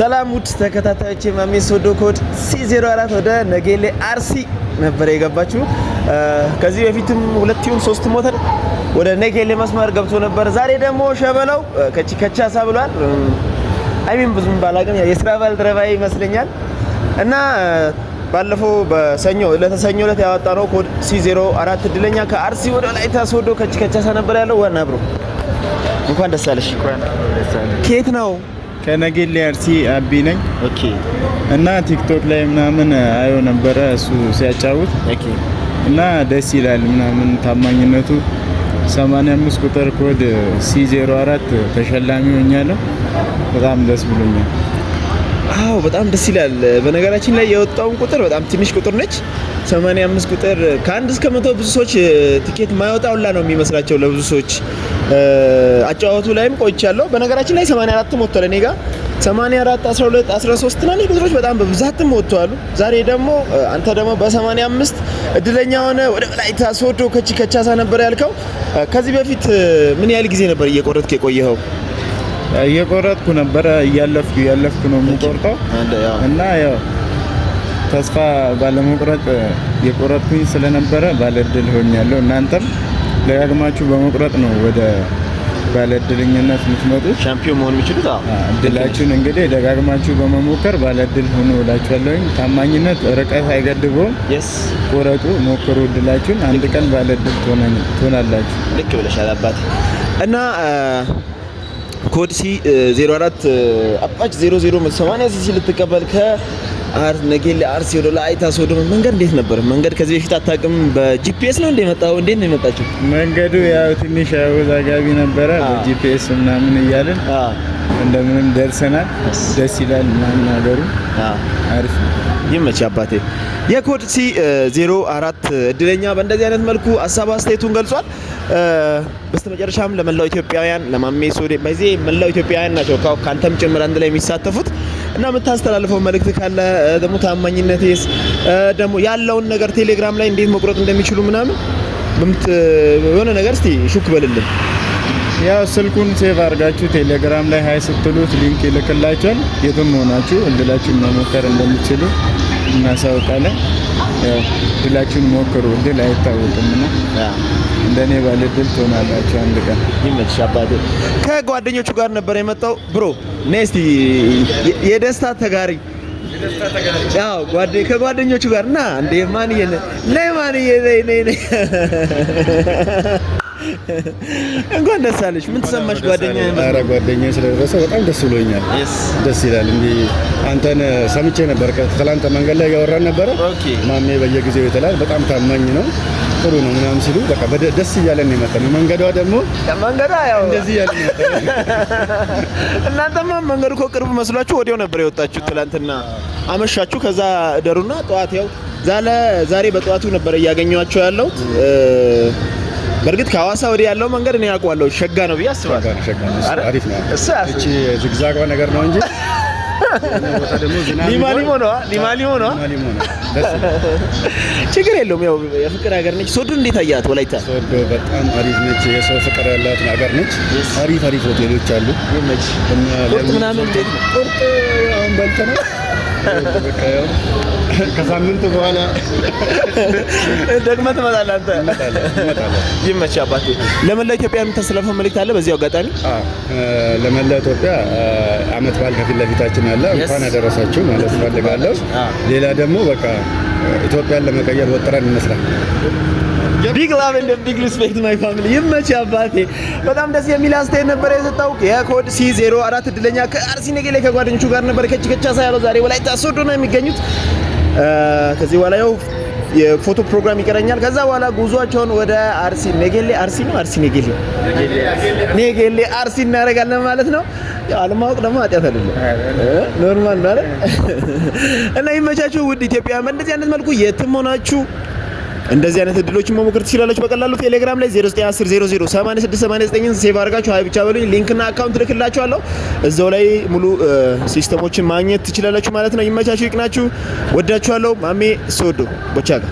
ሰላም ውድ ተከታታዮች ማሜ ሶዶ ኮድ ሲ04 ወደ ነጌሌ አርሲ ነበረ የገባችሁ ከዚህ በፊትም ሁለት ይሁን ሶስት ሞተር ወደ ነጌሌ መስመር ገብቶ ነበር። ዛሬ ደግሞ ሸበለው ከቻሳ ብሏል። አይሚን ብዙም ባላቅም የስራ ባልደረባዬ ይመስለኛል እና ባለፈው በሰኞ ለተሰኞ ዕለት ያወጣ ነው ኮድ ሲ04 እድለኛ ከአርሲ ወደ ወላይታ ሶዶ ከቻሳ ነበር ያለው። ዋና ብሮ እንኳን ደስ አለሽ። ከየት ነው? ከነገል አርሲ አቢ ነኝ። ኦኬ። እና ቲክቶክ ላይ ምናምን አየው ነበረ እሱ ሲያጫውት። ኦኬ። እና ደስ ይላል ምናምን ታማኝነቱ 85 ቁጥር ኮድ ሲ04 ተሸላሚ ሆኛለሁ። በጣም ደስ ብሎኛል። አዎ በጣም ደስ ይላል። በነገራችን ላይ የወጣውን ቁጥር በጣም ትንሽ ቁጥር ነች፣ 85 ቁጥር ከአንድ እስከ መቶ ብዙ ሰዎች ትኬት ማይወጣውላ ነው የሚመስላቸው ለብዙ ሰዎች። አጫወቱ ላይም ቆይቻለሁ። በነገራችን ላይ 84 ወጥቷል እኔ ጋ 84 12 13 እና ቁጥሮች በጣም በብዛትም ወጥተዋል። ዛሬ ደግሞ አንተ ደግሞ በ85 እድለኛ ሆነ ወደ ወላይታ ሶዶ ከቺ ከቻሳ ነበር ያልከው። ከዚህ በፊት ምን ያህል ጊዜ ነበር እየቆረጥክ የቆየኸው? እየቆረጥኩ ነበረ። እያለፍኩ እያለፍኩ ነው የምቆርጠው እና ያው ተስፋ ባለመቁረጥ የቆረጥኩኝ ስለነበረ ባለድል ሆኛለሁ። እናንተም ደጋግማችሁ በመቁረጥ ነው ወደ ባለድልኝነት የምትመጡት። ሻምፒዮን መሆን የሚችሉት እድላችሁን እንግዲህ ደጋግማችሁ በመሞከር ባለድል ሆኖ እላችኋለሁኝ። ታማኝነት ርቀት አይገድበውም። ቁረጡ፣ ሞክሩ እድላችሁን። አንድ ቀን ባለድል ትሆናላችሁ። ልክ ብለሻል አባት እና ኮድ ሲ 04 አፓች 008 ሲሲ ልትቀበል ከ አር ነጌሌ አርሲ ወደ ላይታ ሶዶ መንገድ እንዴት ነበር? መንገድ ከዚህ በፊት አታውቅም? በጂፒኤስ ነው እንደ መጣው እንዴት ነው የመጣችው? መንገዱ ያው ትንሽ አወዛጋቢ ነበረ። በጂፒኤስ ምናምን እያልን እንደምንም ደርሰናል። ደስ ይላል ምናምን ሀገሩ አሪፍ ይመች አባቴ። የኮድ ሲ 04 እድለኛ በእንደዚህ አይነት መልኩ ሀሳብ አስተያየቱን ገልጿል። በስተመጨረሻም ለመላው ኢትዮጵያውያን ለማሜ ሶዴ በዚህ መላው ኢትዮጵያውያን ናቸው ካንተም ጭምር አንድ ላይ የሚሳተፉት እና የምታስተላልፈው መልእክት ካለ ደግሞ ታማኝነትስ ደግሞ ያለውን ነገር ቴሌግራም ላይ እንዴት መቁረጥ እንደሚችሉ ምናምን የሆነ ነገር እስቲ ሹክ በልልን። ያው ስልኩን ሴቭ አድርጋችሁ ቴሌግራም ላይ ሀይ ስትሉት ሊንክ ይልክላችኋል። የትም ሆናችሁ እድላችሁን መሞከር እንደሚችሉ እናሳውቃለን። ሁላችሁን ሞክሩ። ድል አይታወቅም እና እንደኔ ባለ ድል ትሆናላችሁ አንድ ቀን። ይመችሽ አባቴ። ከጓደኞቹ ጋር ነበር የመጣው ብሮ ኔስቲ የደስታ ተጋሪ ያው ጓደ ከጓደኞቹ ጋር እና ይሄ ለማን ይሄ ነይ ነይ እንኳን ደስ አለሽ። ምን ተሰማሽ? ጓደኛ አረ ጓደኛ ስለደረሰ በጣም ደስ ብሎኛል። ደስ ይላል። እንዲህ አንተን ሰምቼ ነበር። ከትላንት መንገድ ላይ እያወራን ነበረ። ማሜ በየጊዜው ይተላል። በጣም ታማኝ ነው፣ ጥሩ ነው ምናምን ሲሉ በቃ ደስ እያለን ነው ነው። መንገዷ ደግሞ መንገዷ ያው እንደዚህ ያለ እናንተማ መንገዱ እኮ ቅርብ መስሏችሁ ወዲያው ነበር የወጣችሁ። ትላንትና አመሻችሁ፣ ከዛ እደሩና ጠዋት ያው ዛለ ዛሬ በጠዋቱ ነበር እያገኘኋቸው ያለሁት በእርግጥ ከሐዋሳ ወዲህ ያለው መንገድ እኔ አውቀዋለሁ፣ ሸጋ ነው ብዬ አስባለሁ። ነው ዝግዛጓ ነገር ነው እንጂ ችግር የለውም። ያው የፍቅር ሀገር ነች። ሶዶ እንዴት አያት? ወላይታ ሶዶ በጣም አሪፍ ነች። የሰው ፍቅር ያላት ሀገር ነች። አሪፍ አሪፍ ሆቴሎች አሉ። ቁርጥ ምናምን እንዴት ነው? ቁርጥ አሁን በልተናል ከሳምንት በኋላ ደግመህ ትመጣለህ አንተ። ይመችህ አባቴ። ለመላ ኢትዮጵያ የምታስተላልፈው መልእክት አለ በዚህ አጋጣሚ? ለመላ ኢትዮጵያ አመት በዓል ከፊት ለፊታችን አለ። እንኳን ያደረሳችሁ ማለት እፈልጋለሁ። ሌላ ደግሞ በቃ ኢትዮጵያን ለመቀየር ወጥረን እንስራ። ቢግ ላቭ እንደ ቢግ ሪስፔክት ማይ ፋሚሊ። ይመች አባቴ። በጣም ደስ የሚል አስተያየት ነበረ የሰጠው የኮድ ሲ 04 እድለኛ ከአርሲ ነገሌ ከጓደኞቹ ጋር ነበር ከች ሳያለው ዛሬ ወላይታ ሶዶ ነው የሚገኙት። ከዚህ በኋላ ያው የፎቶ ፕሮግራም ይቀረኛል። ከዛ በኋላ ጉዟቸውን ወደ አርሲ ነገሌ አርሲ ነው አርሲ ነገሌ ነገሌ አርሲ እናደርጋለን ማለት ነው። አለማወቅ ደግሞ ኃጢአት አይደለም፣ ኖርማል ነው አይደል? እና ይመቻችሁ ውድ ኢትዮጵያውያን። በእንደዚህ አይነት መልኩ የትም ሆናችሁ እንደዚህ አይነት እድሎችን መሞከር ትችላለች በቀላሉ ቴሌግራም ላይ 0910008689 ሴቭ አድርጋችሁ ሀይ ብቻ በሉኝ። ሊንክና አካውንት ልክላችኋለሁ። እዛው ላይ ሙሉ ሲስተሞችን ማግኘት ትችላላችሁ ማለት ነው። ይመቻችሁ፣ ይቅናችሁ። ወዳችኋለሁ። ማሜ ሶዶ ቦቻጋ